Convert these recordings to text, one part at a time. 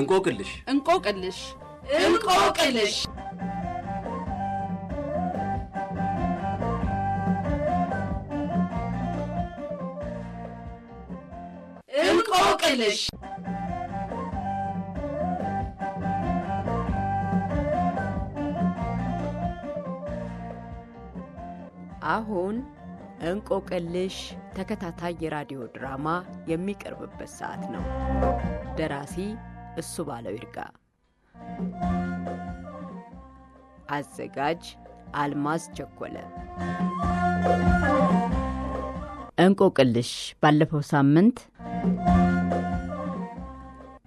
እንቆቅልሽ እንቆቅልሽ እንቆቅልሽ እንቆቅልሽ አሁን እንቆቅልሽ ተከታታይ የራዲዮ ድራማ የሚቀርብበት ሰዓት ነው። ደራሲ እሱ ባለው ይርጋ። አዘጋጅ አልማዝ ቸኮለ። እንቆቅልሽ ባለፈው ሳምንት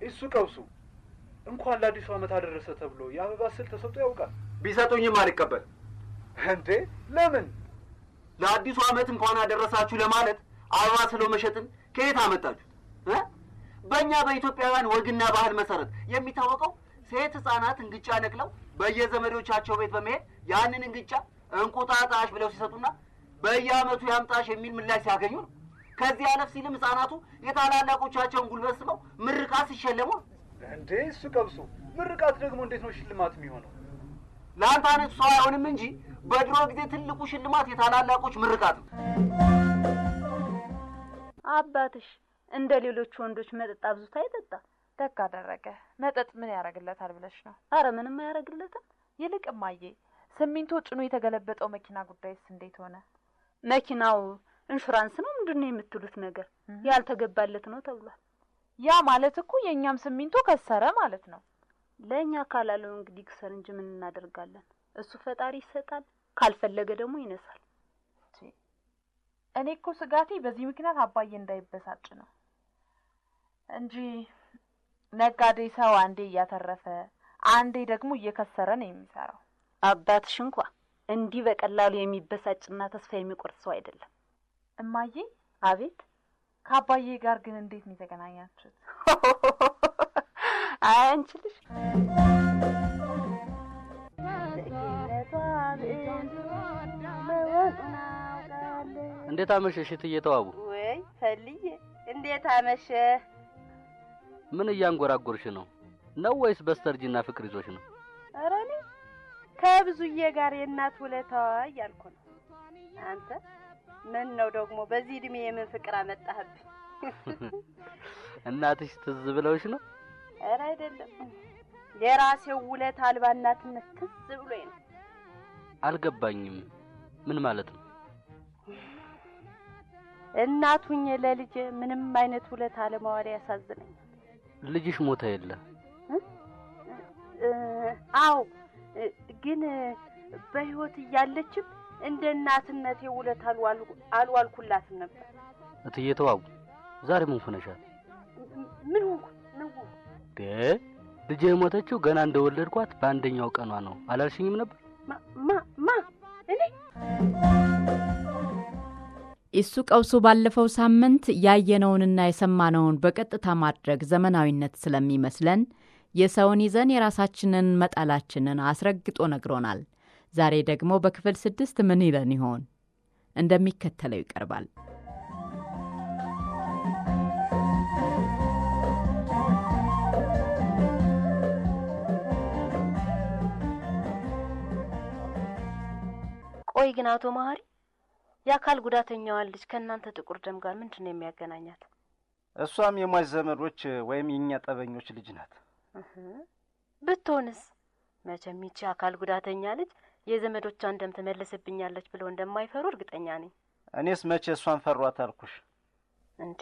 እሱ ቀውሱ እንኳን ለአዲሱ ዓመት አደረሰ ተብሎ የአበባ ስል ተሰጥቶ ያውቃል? ቢሰጡኝም አልቀበል። እንዴ ለምን? ለአዲሱ ዓመት እንኳን አደረሳችሁ ለማለት አበባ ስለው መሸጥን ከየት አመጣችሁ? በእኛ በኢትዮጵያውያን ወግና ባህል መሰረት የሚታወቀው ሴት ህጻናት እንግጫ ነቅለው በየዘመዶቻቸው ቤት በመሄድ ያንን እንግጫ እንቁጣጣሽ ብለው ሲሰጡና በየአመቱ ያምጣሽ የሚል ምላሽ ሲያገኙ ነው። ከዚህ አለፍ ሲልም ህጻናቱ የታላላቆቻቸውን ጉልበት ስመው ምርቃት ሲሸለሙ እንዴ! እሱ ቀብሶ ምርቃት ደግሞ እንዴት ነው ሽልማት የሚሆነው? ለአንተ አይነቱ ሰው አይሆንም እንጂ በድሮ ጊዜ ትልቁ ሽልማት የታላላቆች ምርቃት ነው። አባትሽ እንደ ሌሎች ወንዶች መጠጥ አብዙታ አይጠጣ። ደግ አደረገ። መጠጥ ምን ያደርግለታል ብለሽ ነው? አረ ምንም አያደርግለትም። ይልቅ እማዬ፣ ሲሚንቶ ጭኖ የተገለበጠው መኪና ጉዳይስ እንዴት ሆነ? መኪናው ኢንሹራንስ ነው ምንድን ነው የምትሉት ነገር ያልተገባለት ነው ተብሏል። ያ ማለት እኮ የእኛም ሲሚንቶ ከሰረ ማለት ነው። ለእኛ ካላለው እንግዲህ ክሰር እንጂ ምን እናደርጋለን? እሱ ፈጣሪ ይሰጣል፣ ካልፈለገ ደግሞ ይነሳል። እኔ እኮ ስጋቴ በዚህ ምክንያት አባዬ እንዳይበሳጭ ነው። እንጂ ነጋዴ ሰው አንዴ እያተረፈ አንዴ ደግሞ እየከሰረ ነው የሚሰራው። አባትሽ እንኳ እንዲህ በቀላሉ የሚበሳጭና ተስፋ የሚቆርጥ ሰው አይደለም። እማዬ። አቤት። ከአባዬ ጋር ግን እንዴት ነው የተገናኛችሁት? አይ አንቺ እንዴት አመሸሽ እትዬ ተዋቡ? ወይ ፈልዬ እንዴት አመሸህ? ምን እያንጎራጎርሽ ነው? ነው ወይስ በስተርጅና ፍቅር ይዞሽ ነው? ኧረ እኔ ከብዙዬ ጋር የእናት ውለታዋ እያልኩ ነው። አንተ ምን ነው ደግሞ በዚህ እድሜ የምን ፍቅር አመጣህብኝ? እናትሽ ትዝ ብለውሽ ነው? ኧረ አይደለም፣ የራሴው ውለት አልባ እናትነት ትዝ ብሎኝ ነው። አልገባኝም። ምን ማለት ነው? እናቱኝ ለልጄ ምንም አይነት ውለት አለማዋል ያሳዝነኛል። ልጅሽ ሞተ የለ? አዎ፣ ግን በህይወት እያለችም እንደ እናትነቴ ውለት አልዋልኩላትም ነበር። እትዬ ተዋቡ፣ ዛሬ ምን ሆነሻል? ምን ሆንኩ? ምን ሆንኩ? የሞተችው ገና እንደወለድኳት በአንደኛው ቀኗ ነው አላልሽኝም ነበር? ማ ማ እኔ የሱ ቀውሱ ባለፈው ሳምንት ያየነውንና የሰማነውን በቀጥታ ማድረግ ዘመናዊነት ስለሚመስለን የሰውን ይዘን የራሳችንን መጣላችንን አስረግጦ ነግሮናል። ዛሬ ደግሞ በክፍል ስድስት ምን ይለን ይሆን? እንደሚከተለው ይቀርባል። ቆይ ግን አቶ መሀሪ የአካል ጉዳተኛዋ ልጅ ከእናንተ ጥቁር ደም ጋር ምንድን ነው የሚያገናኛት? እሷም የሟች ዘመዶች ወይም የእኛ ጠበኞች ልጅ ናት። ብትሆንስ መቼም ይቺ አካል ጉዳተኛ ልጅ የዘመዶቿን ደም ትመልስብኛለች ብለው እንደማይፈሩ እርግጠኛ ነኝ። እኔስ መቼ እሷን ፈሯት አልኩሽ እንዴ?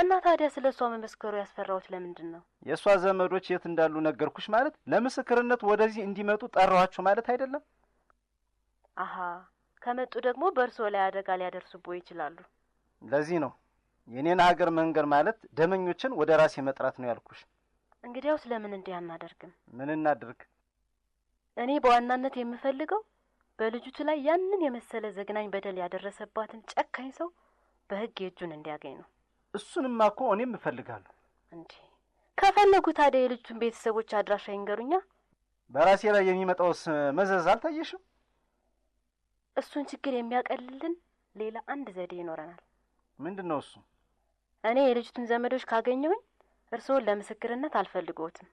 እና ታዲያ ስለ እሷ መመስከሩ ያስፈራዎች ለምንድን ነው? የእሷ ዘመዶች የት እንዳሉ ነገርኩሽ ማለት ለምስክርነት ወደዚህ እንዲመጡ ጠራኋችሁ ማለት አይደለም። አሃ ከመጡ ደግሞ በእርሶ ላይ አደጋ ሊያደርሱቦ ይችላሉ። ለዚህ ነው የእኔን ሀገር መንገድ ማለት ደመኞችን ወደ ራሴ መጥራት ነው ያልኩሽ። እንግዲያውስ ለምን እንዲህ አናደርግም? ምን እናድርግ? እኔ በዋናነት የምፈልገው በልጅቱ ላይ ያንን የመሰለ ዘግናኝ በደል ያደረሰባትን ጨካኝ ሰው በህግ የእጁን እንዲያገኝ ነው። እሱንማ እኮ እኔም እፈልጋለሁ። እንዴ ከፈለጉ ታዲያ የልጅቱን ቤተሰቦች አድራሻ ይንገሩኛ። በራሴ ላይ የሚመጣውስ መዘዝ አልታየሽም? እሱን ችግር የሚያቀልልን ሌላ አንድ ዘዴ ይኖረናል። ምንድን ነው እሱ? እኔ የልጅቱን ዘመዶች ካገኘሁኝ እርስዎን ለምስክርነት አልፈልግዎትም።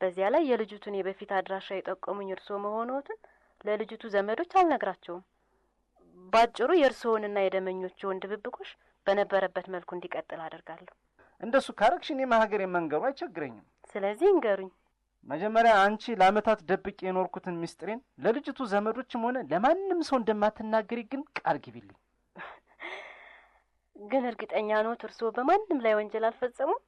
በዚያ ላይ የልጅቱን የበፊት አድራሻ የጠቆሙኝ እርስዎ መሆኖትን ለልጅቱ ዘመዶች አልነግራቸውም። ባጭሩ የእርስዎንና የደመኞችዎን ድብብቆሽ በነበረበት መልኩ እንዲቀጥል አደርጋለሁ። እንደሱ ካረግሽ እኔ ሀገሬን መንገሩ አይቸግረኝም። ስለዚህ እንገሩኝ። መጀመሪያ አንቺ ለአመታት ደብቄ የኖርኩትን ምስጢሬን ለልጅቱ ዘመዶችም ሆነ ለማንም ሰው እንደማትናገሪ ግን ቃል ግቢልኝ። ግን እርግጠኛ ኖት እርስዎ በማንም ላይ ወንጀል አልፈጸሙም?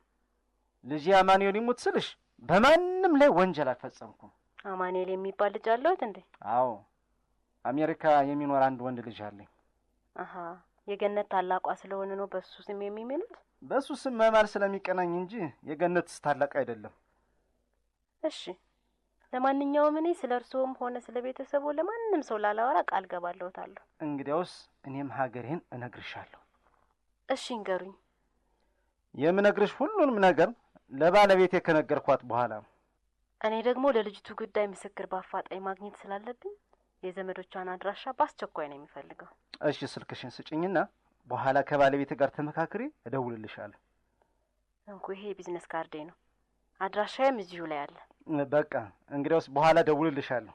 ልጅ አማኑኤል ይሙት ስልሽ በማንም ላይ ወንጀል አልፈጸምኩም። አማኑኤል የሚባል ልጅ አለሁት እንዴ? አዎ፣ አሜሪካ የሚኖር አንድ ወንድ ልጅ አለኝ። አሀ፣ የገነት ታላቋ ስለሆነ ነው በሱ ስም የሚምሉት? በሱ ስም መማል ስለሚቀናኝ እንጂ የገነትስ ታላቅ አይደለም። እሺ ለማንኛውም እኔ ስለ እርስዎም ሆነ ስለ ቤተሰቡ ለማንም ሰው ላላወራ ቃል ገባለሁታለሁ። እንግዲያውስ እኔም ሀገሬን እነግርሻለሁ። እሺ እንገሩኝ። የምነግርሽ ሁሉንም ነገር ለባለቤቴ ከነገርኳት በኋላ ነው። እኔ ደግሞ ለልጅቱ ጉዳይ ምስክር በአፋጣኝ ማግኘት ስላለብኝ የዘመዶቿን አድራሻ በአስቸኳይ ነው የሚፈልገው። እሺ ስልክሽን ስጭኝና በኋላ ከባለቤት ጋር ተመካክሬ እደውልልሻለሁ። እንኩ ይሄ የቢዝነስ ካርዴ ነው። አድራሻዬም እዚሁ ላይ አለ። በቃ እንግዲያውስ በኋላ ደውልልሻለሁ።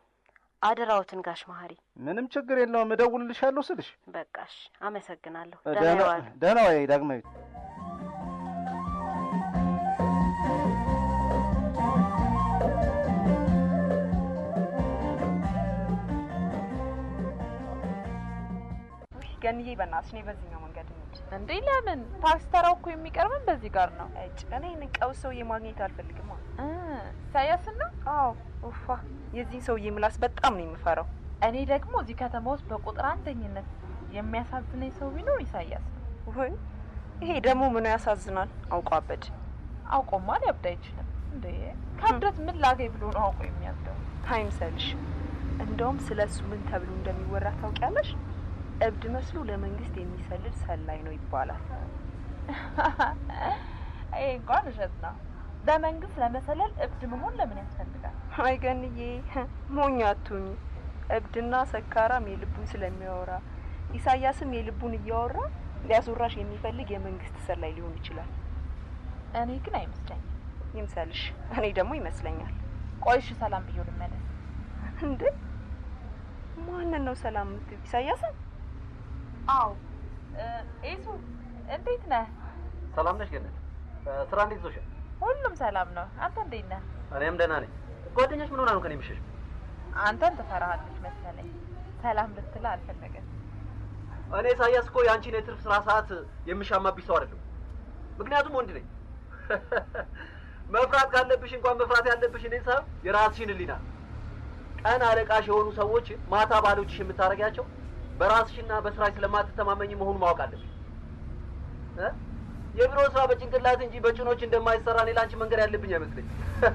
አደራውትን ጋሽ መሀሪ። ምንም ችግር የለውም እደውልልሻለሁ ስልሽ። በቃሽ፣ አመሰግናለሁ። ደህና ወይ ዳግማዊት? ገንዬ፣ በእናትሽ እኔ በዚህኛው መንገድ እንዴ ለምን? ፓስተራው እኮ የሚቀርብን በዚህ ጋር ነው። እጭ እኔ ንቀው ሰውዬ ማግኘት አልፈልግም። ኢሳያስና? አዎ። ኡፋ የዚህን ሰውዬ ምላስ በጣም ነው የምፈራው። እኔ ደግሞ እዚህ ከተማ ውስጥ በቁጥር አንደኝነት የሚያሳዝነኝ ሰው ቢኖር ኢሳያስ ነው። ወይ ይሄ ደግሞ ምኑ ያሳዝናል? አውቆ አበድ። አውቆማ ሊያብድ አይችልም እንዴ። ከብረት ምን ላገኝ ብሎ ነው አውቆ የሚያብደው? ታይም ሰልሽ። እንደውም ስለ እሱ ምን ተብሎ እንደሚወራ ታውቂያለሽ? እብድ መስሎ ለመንግስት የሚሰልል ሰላይ ነው ይባላል። ይሄ እንኳን እሸት ነው። በመንግስት ለመሰለል እብድ መሆን ለምን ያስፈልጋል? አይገንዬ ሞኝ አትሁኝ። እብድና ሰካራም የልቡን ስለሚያወራ ኢሳያስም የልቡን እያወራ ሊያስወራሽ የሚፈልግ የመንግስት ሰላይ ሊሆን ይችላል። እኔ ግን አይመስለኝም። ይምሰልሽ። እኔ ደግሞ ይመስለኛል። ቆይሽ ሰላም ብዬ ልመለስ እንዴ? ማንን ነው ሰላም ምትል? ኢሳያስን አዎ ኤሱ እንዴት ነህ? ሰላም ነሽ ገነት? ስራ እንዴት ይዞሻል? ሁሉም ሰላም ነው። አንተ እንዴት ነህ? እኔም ደህና ነኝ። ጓደኛሽ ምን ሆና ነው ከኔ የምሸሽ? አንተን ትፈራሃለች መሰለኝ። ሰላም ልትል አልፈለገም። እኔ ኢሳያስ እኮ የአንቺን የትርፍ ስራ ሰዓት የምሻማብሽ ሰው አይደለም። ምክንያቱም ወንድ ነኝ። መፍራት ካለብሽ እንኳን መፍራት ያለብሽ እኔን ሳይሆን የራስሽን ሕሊና። ቀን አለቃሽ የሆኑ ሰዎች ማታ ባሎችሽ የምታደርጊያቸው በራስሽና በስራሽ ስለማትተማመኝ መሆኑ ማወቅ አለብሽ። የቢሮ ስራ በጭንቅላት እንጂ በጭኖች እንደማይሰራ እኔ ለአንቺ መንገድ ያለብኝ አይመስለኝ።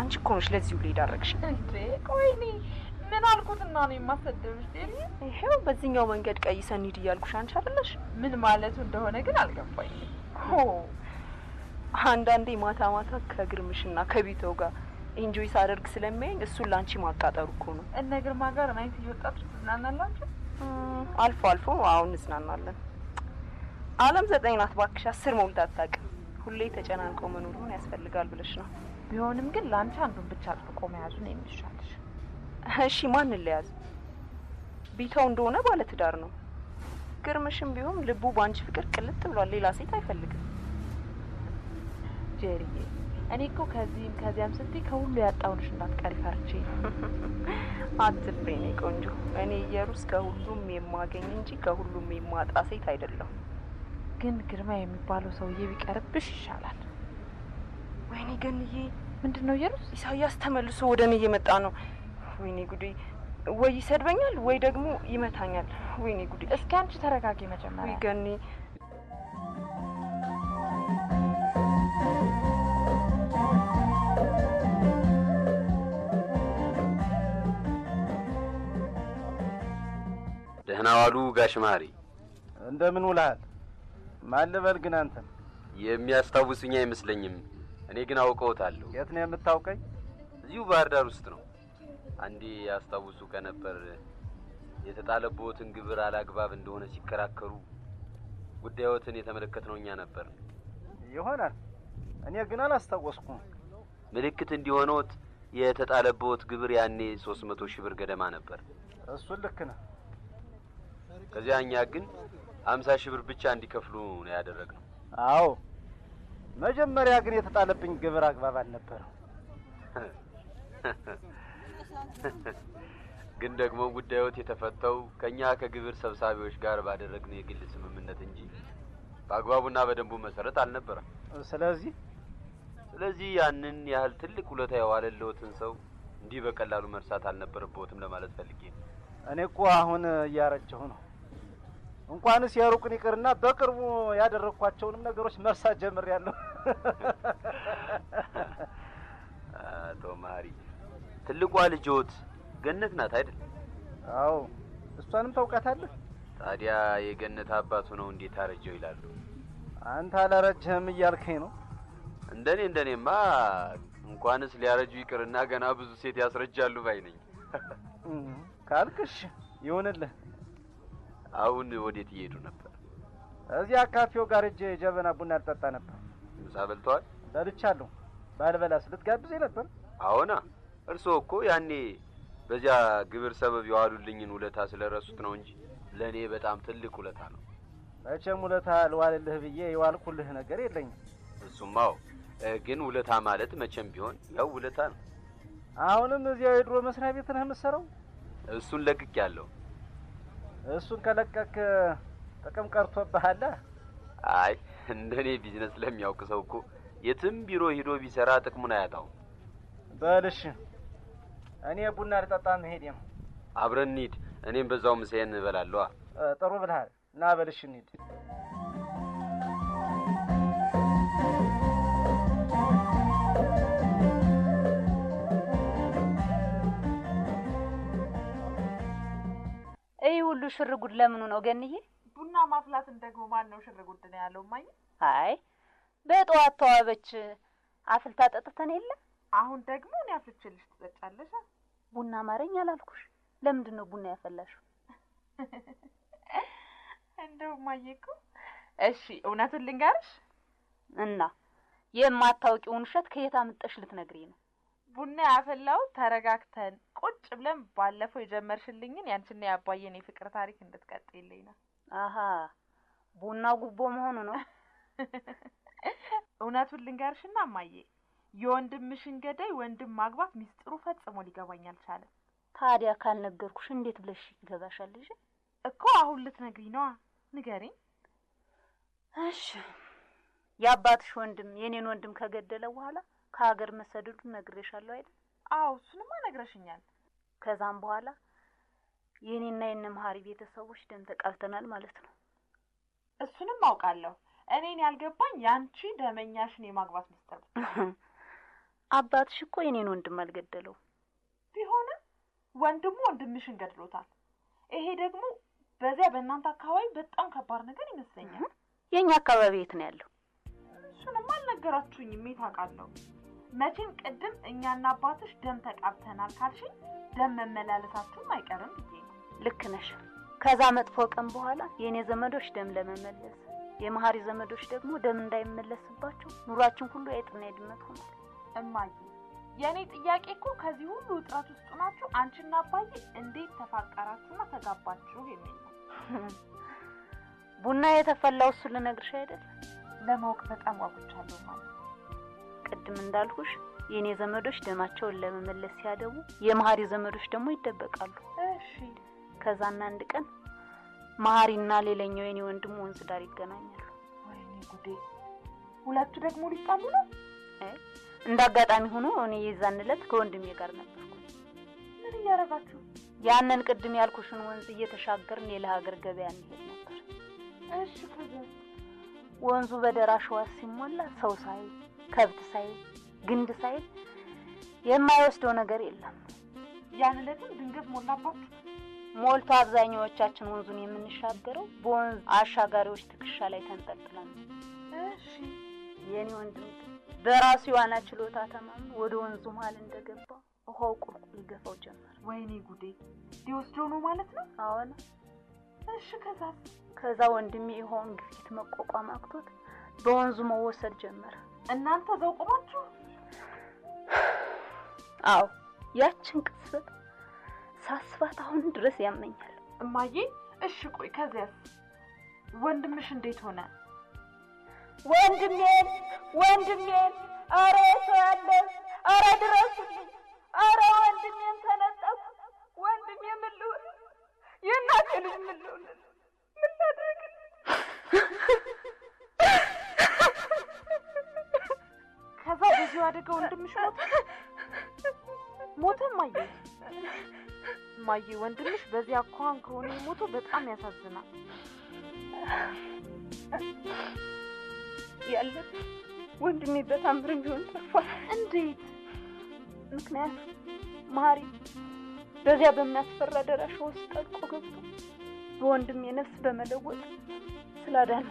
አንቺ እኮ ነሽ ለዚህ ሁሉ የዳረግሽ። ቆይኔ ምን አልኩትና ነው የማሰደብሽ? ይሄው በዚህኛው መንገድ ቀይ ሰኒድ እያልኩሽ አንቺ አይደለሽ። ምን ማለቱ እንደሆነ ግን አልገባኝም። አንዳንዴ ማታ ማታ ከግርምሽና ከቢተው ጋር ኢንጆይ ሳደርግ ስለሚያኝ እሱን ላንቺ ማቃጠሩ እኮ ነው። እነ ግርማ ጋር ናይት እየወጣችሁ ትዝናናላችሁ? አልፎ አልፎ አሁን እንዝናናለን። አለም ዘጠኝ ናት ባክሽ፣ አስር ሞልታ አታውቅም። ሁሌ ተጨናንቀው መኖር ምን ያስፈልጋል ብለሽ ነው። ቢሆንም ግን ለአንቺ አንዱን ብቻ አጥብቆ መያዙ ነው የሚሻልሽ። እሺ ማን ለያዝ? ቢተው እንደሆነ ባለትዳር ነው። ግርምሽም ቢሆን ልቡ በአንቺ ፍቅር ቅልጥ ብሏል። ሌላ ሴት አይፈልግም ጀሪዬ እኔ እኮ ከዚህም ከዚያም ስትይ ከሁሉ ያጣውንሽ እንዳትቀሪ ፈርቼ ነው። አትፍሬ እኔ ቆንጆ። እኔ እየሩስ ከሁሉም የማገኝ እንጂ ከሁሉም የማጣ ሴት አይደለሁ። ግን ግርማ የሚባለው ሰውዬ ቢቀርብሽ ይሻላል። ወይኔ ገንዬ፣ ምንድን ነው እየሩስ? ኢሳያስ ተመልሶ ወደ እኔ እየመጣ ነው። ወይኔ ጉዴ! ወይ ይሰድበኛል ወይ ደግሞ ይመታኛል። ወይኔ ጉዴ! እስኪ አንቺ ተረጋጊ መጀመሪያ። ወይ ገኔ ደህና ዋሉ ጋሽ ማሪ። እንደምን ውልሃል? ማን ልበል ግን አንተን? የሚያስታውሱኝ አይመስለኝም። እኔ ግን አውቀውታለሁ። የት ነው የምታውቀኝ? እዚሁ ባህር ዳር ውስጥ ነው። አንዴ ያስታውሱ ከነበር የተጣለቦትን ግብር አላግባብ እንደሆነ ሲከራከሩ ጉዳዮትን የተመለከትነው እኛ ነበር ይሆናል። እኔ ግን አላስታወስኩም። ምልክት እንዲሆነዎት የተጣለቦት ግብር ያኔ 300 ሺህ ብር ገደማ ነበር። እሱን ልክ ነህ። ከዚያ ግን አምሳ ሺህ ብር ብቻ እንዲከፍሉ ነው ያደረግነው። አዎ መጀመሪያ ግን የተጣለብኝ ግብር አግባብ አልነበረው። ግን ደግሞ ጉዳዮት የተፈተው ከእኛ ከግብር ሰብሳቢዎች ጋር ባደረግነው የግል ስምምነት እንጂ በአግባቡና በደንቡ መሰረት አልነበረም። ስለዚህ ስለዚህ ያንን ያህል ትልቅ ውለታ የዋለለውትን ሰው እንዲህ በቀላሉ መርሳት አልነበረብዎትም ለማለት ፈልጌ ነው። እኔ እኮ አሁን እያረጀሁ ነው። እንኳንስ የሩቅን ይቅርና በቅርቡ ያደረግኳቸውንም ነገሮች መርሳት ያለሁ። አቶ ማሪ ትልቋ ልጆት ገነት ናት አይደል? አዎ፣ እሷንም ታውቃታለህ። ታዲያ የገነት አባቱ ነው እንዴት አረጀው ይላሉ። አንተ አላረጀህም እያልከኝ ነው? እንደኔ እንደኔማ እንኳንስ ሊያረጁ ይቅርና ገና ብዙ ሴት ያስረጃሉ ባይ ነኝ። ካልክሽ ይሆንልህ። አሁን ወዴት እየሄዱ ነበር? እዚያ ካፌው ጋር እጅ ጀበና ቡና ልጠጣ ነበር። ምሳ በልተዋል? በልቻለሁ። ባልበላስ ልትጋብዘኝ ነበር? አዎና፣ እርስዎ እኮ ያኔ በዚያ ግብር ሰበብ የዋሉልኝን ውለታ ስለረሱት ነው እንጂ ለእኔ በጣም ትልቅ ውለታ ነው። መቼም ውለታ ልዋልልህ ብዬ የዋልኩልህ ነገር የለኝም። እሱማው ግን ውለታ ማለት መቼም ቢሆን ያው ውለታ ነው። አሁንም እዚያው የድሮ መስሪያ ቤት ነህ የምትሰራው? እሱን ለቅቄያለሁ። እሱን ከለቀክ ጥቅም ቀርቶብሃል። አይ እንደኔ ቢዝነስ ለሚያውቅ ሰው እኮ የትም ቢሮ ሂዶ ቢሰራ ጥቅሙን አያጣው። በልሽ እኔ ቡና ልጠጣ መሄድ ነው። አብረን እንሂድ። እኔም በዛው ምሳዬን እበላለሁ። ጥሩ ብልሃል። ና በልሽ እንሂድ። ሁሉ ሽርጉድ ለምኑ ነው ገንዬ? ቡና ማፍላትን ደግሞ ማን ነው ሽርጉድ ነው ያለው? ማየ አይ በጠዋት ተዋበች አፍልታ ጠጥተን የለ። አሁን ደግሞ እኔ አፍልቼልሽ ትጠጫለሽ። ቡና ማረኝ አላልኩሽ? ለምንድን ነው ቡና ያፈላሽው? እንደው ማየ እሺ፣ እውነቱን ልንገርሽ እና የማታውቂውን ውሸት ከየት አምጠሽ ልትነግሪኝ ነው? ቡና ያፈላው ተረጋግተን ቁጭ ብለን ባለፈው የጀመርሽልኝን ያንቺና ያባየን የፍቅር ታሪክ እንድትቀጥልኝ ነው። አሀ ቡና ጉቦ መሆኑ ነው። እውነቱን ልንገርሽና እማዬ፣ የወንድምሽን ገዳይ ወንድም ማግባት ሚስጥሩ ፈጽሞ ሊገባኝ አልቻለም። ታዲያ ካልነገርኩሽ እንዴት ብለሽ ይገባሻል? ልጅ እኮ አሁን ልትነግሪኝ ነዋ። ንገሪኝ። እሺ፣ የአባትሽ ወንድም የኔን ወንድም ከገደለ በኋላ ከሀገር መሰደዱ ነግሬሻለሁ አይደል? አዎ፣ እሱንማ ነግረሽኛል። ከዛም በኋላ የእኔና የነ መሀሪ ቤተሰቦች ደም ተቃልተናል ማለት ነው። እሱንም አውቃለሁ። እኔን ያልገባኝ ያንቺ ደመኛሽን የማግባት ምስጢር አባትሽ እኮ የኔን ወንድም አልገደለው ቢሆንም ወንድሙ ወንድምሽን ገድሎታል። ይሄ ደግሞ በዚያ በእናንተ አካባቢ በጣም ከባድ ነገር ይመስለኛል። የእኛ አካባቢ የት ነው ያለው? እሱንማ አልነገራችሁኝም። የት አውቃለሁ መቼም ቅድም እኛና አባትሽ ደም ተቃብተናል ካልሽኝ ደም መመላለሳችሁም አይቀርም ብዬ ነው። ልክ ነሽ። ከዛ መጥፎ ቀን በኋላ የእኔ ዘመዶች ደም ለመመለስ የመሀሪ ዘመዶች ደግሞ ደም እንዳይመለስባቸው ኑሯችን ሁሉ የጥና የድመት ሆኗል። እማዬ የእኔ ጥያቄ እኮ ከዚህ ሁሉ ውጥረት ውስጥ ናችሁ አንቺና አባዬ እንዴት ተፋቀራችሁና ተጋባችሁ የሚል ነው። ቡና የተፈላው እሱ ልነግርሽ አይደለም ለማወቅ በጣም ጓጉቻለሁ ማለት ቅድም እንዳልኩሽ የእኔ ዘመዶች ደማቸውን ለመመለስ ሲያደቡ የመሀሪ ዘመዶች ደግሞ ይደበቃሉ። ከዛና አንድ ቀን መሀሪና ሌላኛው የኔ ወንድም ወንዝ ዳር ይገናኛሉ። ወይኔ ሁለቱ ደግሞ ሊጣሉ ነው። እንደ አጋጣሚ ሆኖ እኔ የዛን ዕለት ከወንድሜ ጋር ነበርኩ። ምን እያረጋችሁ ያንን ቅድም ያልኩሽን ወንዝ እየተሻገርን ለሀገር ገበያ እንሄድ ነበር። እሺ። ወንዙ በደራሽ ሲሞላ ሰው ሳይ ከብት ሳይል ግንድ ሳይል የማይወስደው ነገር የለም። ያን ዕለትም ድንገት ሞላባችሁ? ሞልቶ አብዛኛዎቻችን ወንዙን የምንሻገረው በወንዝ አሻጋሪዎች ትከሻ ላይ ተንጠልጥለን እሺ የኔ ወንድም በራሱ የዋና ችሎታ ተማም ወደ ወንዙ መሀል እንደገባ ውሃው ቁልቁል ይገፋው ጀመር። ወይኔ ጉዴ! ሊወስደው ነው ማለት ነው? አዎን። እሺ ከዛ ከዛ ወንድሜ ይሆን ግፊት መቋቋም አቅቶት በወንዙ መወሰድ ጀመረ። እናንተ እዛው ቆማችሁ? አዎ፣ ያችን ቅስበት ሳስባት አሁን ድረስ ያመኛል እማዬ። እሺ ቆይ፣ ከዚያስ ወንድምሽ እንዴት ሆነ? ወንድሜን ወንድሜን፣ አረ ሰው ያለ፣ አረ ድረስ አረ ወንድሜን ተነጠቁ፣ ወንድሜ ምን ልሁን? የእናቴ ልጅ ምን ልሁን? ምን ላድርግ? ከዛ በዚሁ አደጋ ወንድምሽ ሞተ ሞተ። ማየ ማየ ወንድምሽ በዚህ አኳኋን ከሆነ ሞቶ በጣም ያሳዝናል። ያለ ወንድሜ በታምር ቢሆን ተርፏል። እንዴት? ምክንያት ማሪ በዚያ በሚያስፈራ ደራሻ ውስጥ ጠልቆ ገብቶ በወንድሜ ነፍስ በመለወጥ ስላዳነ።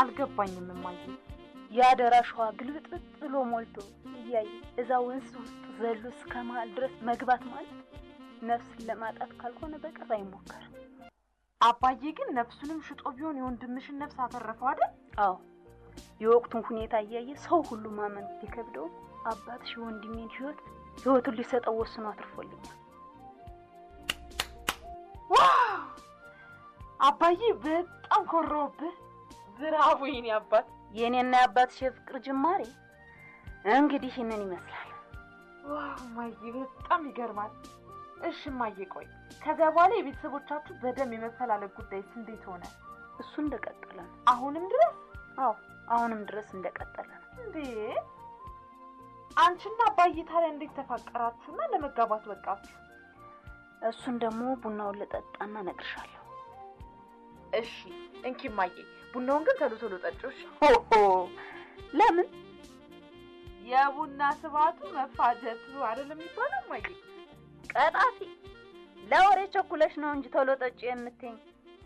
አልገባኝም ማየ የአደራሽ ውሃ ግልብጥብጥ ብሎ ሞልቶ እያየ እዛ ወንዝ ውስጥ ዘሎ እስከ ድረስ መግባት ማለት ነፍስን ለማጣት ካልሆነ በቀር አይሞከርም። አባዬ ግን ነፍሱንም ሽጦ ቢሆን የወንድምሽን ነፍስ አተረፈው አይደል? አዎ። የወቅቱን ሁኔታ እያየ ሰው ሁሉ ማመን ቢከብደው አባትሽ የወንድሜን ህይወት ህይወቱን ሊሰጠው ወስኖ አትርፎልኛል። አባዬ በጣም ኮረውብህ። ብራቮ የኔ አባት የእኔና የአባትሽ የፍቅር ጅማሬ እንግዲህ ይህንን ይመስላል። ዋው ማዬ፣ በጣም ይገርማል። እሺ ማዬ፣ ቆይ ከዚያ በኋላ የቤተሰቦቻችሁ በደም የመፈላለግ ጉዳይስ እንዴት ሆነ? እሱ እንደቀጠለ ነው። አሁንም ድረስ? አዎ፣ አሁንም ድረስ እንደቀጠለ ነው። እንዴ አንቺና አባዬ ታዲያ እንዴት ተፋቀራችሁና ለመጋባት በቃችሁ? እሱን ደግሞ ቡናውን ልጠጣና እነግርሻለሁ። እሺ እንኪ ማዬ ቡናውን ግን ቶሎ ቶሎ ጠጪው። ለምን? የቡና ስባቱ መፋጀቱ አይደለም የሚባለው። ማይ ቀጣፊ፣ ለወሬ ቸኩለሽ ነው እንጂ ቶሎ ጠጪ የምትኝ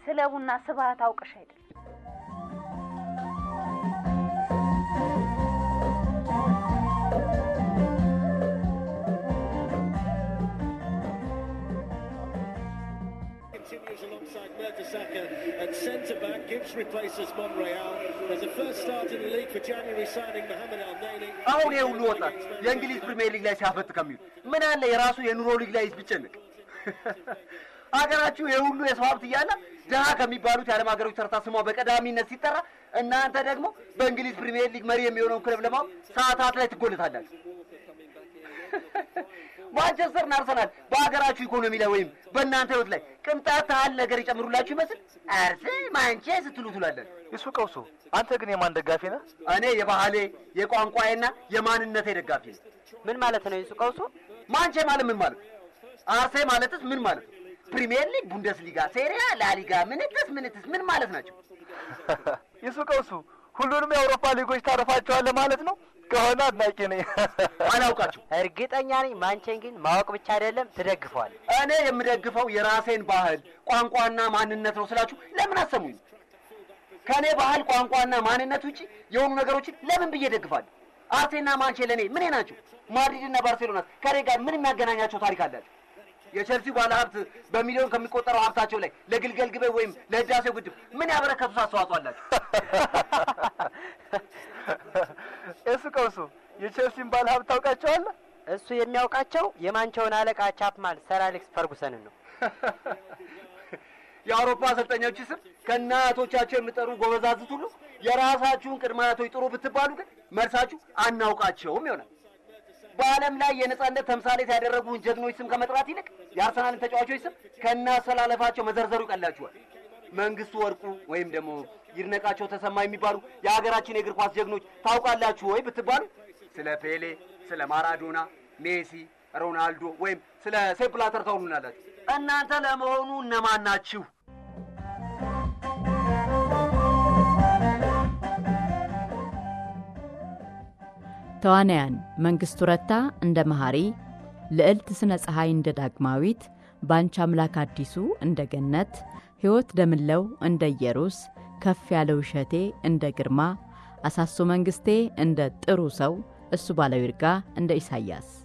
ስለ ቡና ስባት አውቀሽ አይደል plays alongside Mertesacker at centre-back. Gibbs replaces Monreal. There's a first start in the league for January signing Mohamed Al-Naini. አሁን ይሄ ሁሉ ወጣት የእንግሊዝ ፕሪሚየር ሊግ ላይ ሲያፈጥ ከሚሉ ምን አለ የራሱ የኑሮ ሊግ ላይ ቢጨንቅ። ሀገራችሁ የሁሉ የሰው ሀብት እያለ ድሃ ከሚባሉት የዓለም ሀገሮች ተርታ ስሟ በቀዳሚነት ሲጠራ እናንተ ደግሞ በእንግሊዝ ፕሪሚየር ሊግ መሪ የሚሆነውን ክለብ ለማወቅ ሰዓታት ላይ ትጎልታላችሁ። ማንቸስተርና አርሰናል በሀገራችሁ ኢኮኖሚ ላይ ወይም በእናንተ ህይወት ላይ ቅንጣት ታህል ነገር ይጨምሩላችሁ ይመስል አርስ ማንቼ ስትሉ ትላለን። እሱ ቀውሶ። አንተ ግን የማን ደጋፊ ነህ? እኔ የባህሌ የቋንቋዬና የማንነቴ ደጋፊ ነኝ። ምን ማለት ነው? የሱ ቀውሶ። ማንቼ ማለት ምን ማለት አርሴ ማለትስ ምን ማለት ነው? ፕሪሚየር ሊግ፣ ቡንደስሊጋ፣ ሴሪያ፣ ላሊጋ ምንትስ ምንትስ ምን ማለት ናቸው? ይሱ ቀውሱ። ሁሉንም የአውሮፓ ሊጎች ታረፋቸዋለህ ማለት ነው? ከሆነ አድናቂ ነኝ። አላውቃቸው እርግጠኛ ነኝ። ማንቼን ግን ማወቅ ብቻ አይደለም ትደግፈዋል። እኔ የምደግፈው የራሴን ባህል ቋንቋና ማንነት ነው ስላችሁ ለምን አሰሙኝ? ከእኔ ባህል ቋንቋና ማንነት ውጭ የሆኑ ነገሮችን ለምን ብዬ ደግፋል? አርሴና ማንቼ ለእኔ ምኔ ናቸው? ማድሪድና ባርሴሎናስ ከኔ ጋር ምን የሚያገናኛቸው ታሪክ አላቸው? የቸልሲ ባለ ሀብት በሚሊዮን ከሚቆጠረው ሀብታቸው ላይ ለግልገል ግበይ ወይም ለህዳሴው ግድብ ምን ያበረከቱት አስተዋጽኦ አላቸው? የቼልሲን ባለ ሀብት ታውቃቸዋለ? እሱ የሚያውቃቸው የማንቸውን አለቃ ቻፕማል ሰር አሌክስ ፈርጉሰንን ነው። የአውሮፓ አሰልጣኞች ስም ከእናቶቻቸው የምጠሩ ጎበዛዝት ሁሉ የራሳችሁን ቅድመ አያቶች ጥሩ ብትባሉ ግን መልሳችሁ አናውቃቸውም ይሆናል። በዓለም ላይ የነጻነት ተምሳሌት ያደረጉን ጀግኖች ስም ከመጥራት ይልቅ የአርሰናልን ተጫዋቾች ስም ከናሰላለፋቸው መዘርዘሩ ይቀላችኋል። መንግስቱ ወርቁ ወይም ደግሞ ይድነቃቸው ተሰማ የሚባሉ የሀገራችን የእግር ኳስ ጀግኖች ታውቃላችሁ ወይ ብትባሉ ስለ ፔሌ፣ ስለ ማራዶና፣ ሜሲ፣ ሮናልዶ ወይም ስለ ሴፕላተር ታውሉናላችሁ። እናንተ ለመሆኑ እነማን ናችሁ? ተዋናያን መንግሥቱ ረታ እንደ መሐሪ፣ ልዕልት ስነ ፀሐይ እንደ ዳግማዊት፣ ባንቺ አምላክ አዲሱ እንደ ገነት፣ ሕይወት ደምለው እንደ ኢየሩስ፣ ከፍ ያለው እሸቴ እንደ ግርማ፣ አሳሶ መንግሥቴ እንደ ጥሩ ሰው እሱ ባለው ይርጋ እንደ ኢሳያስ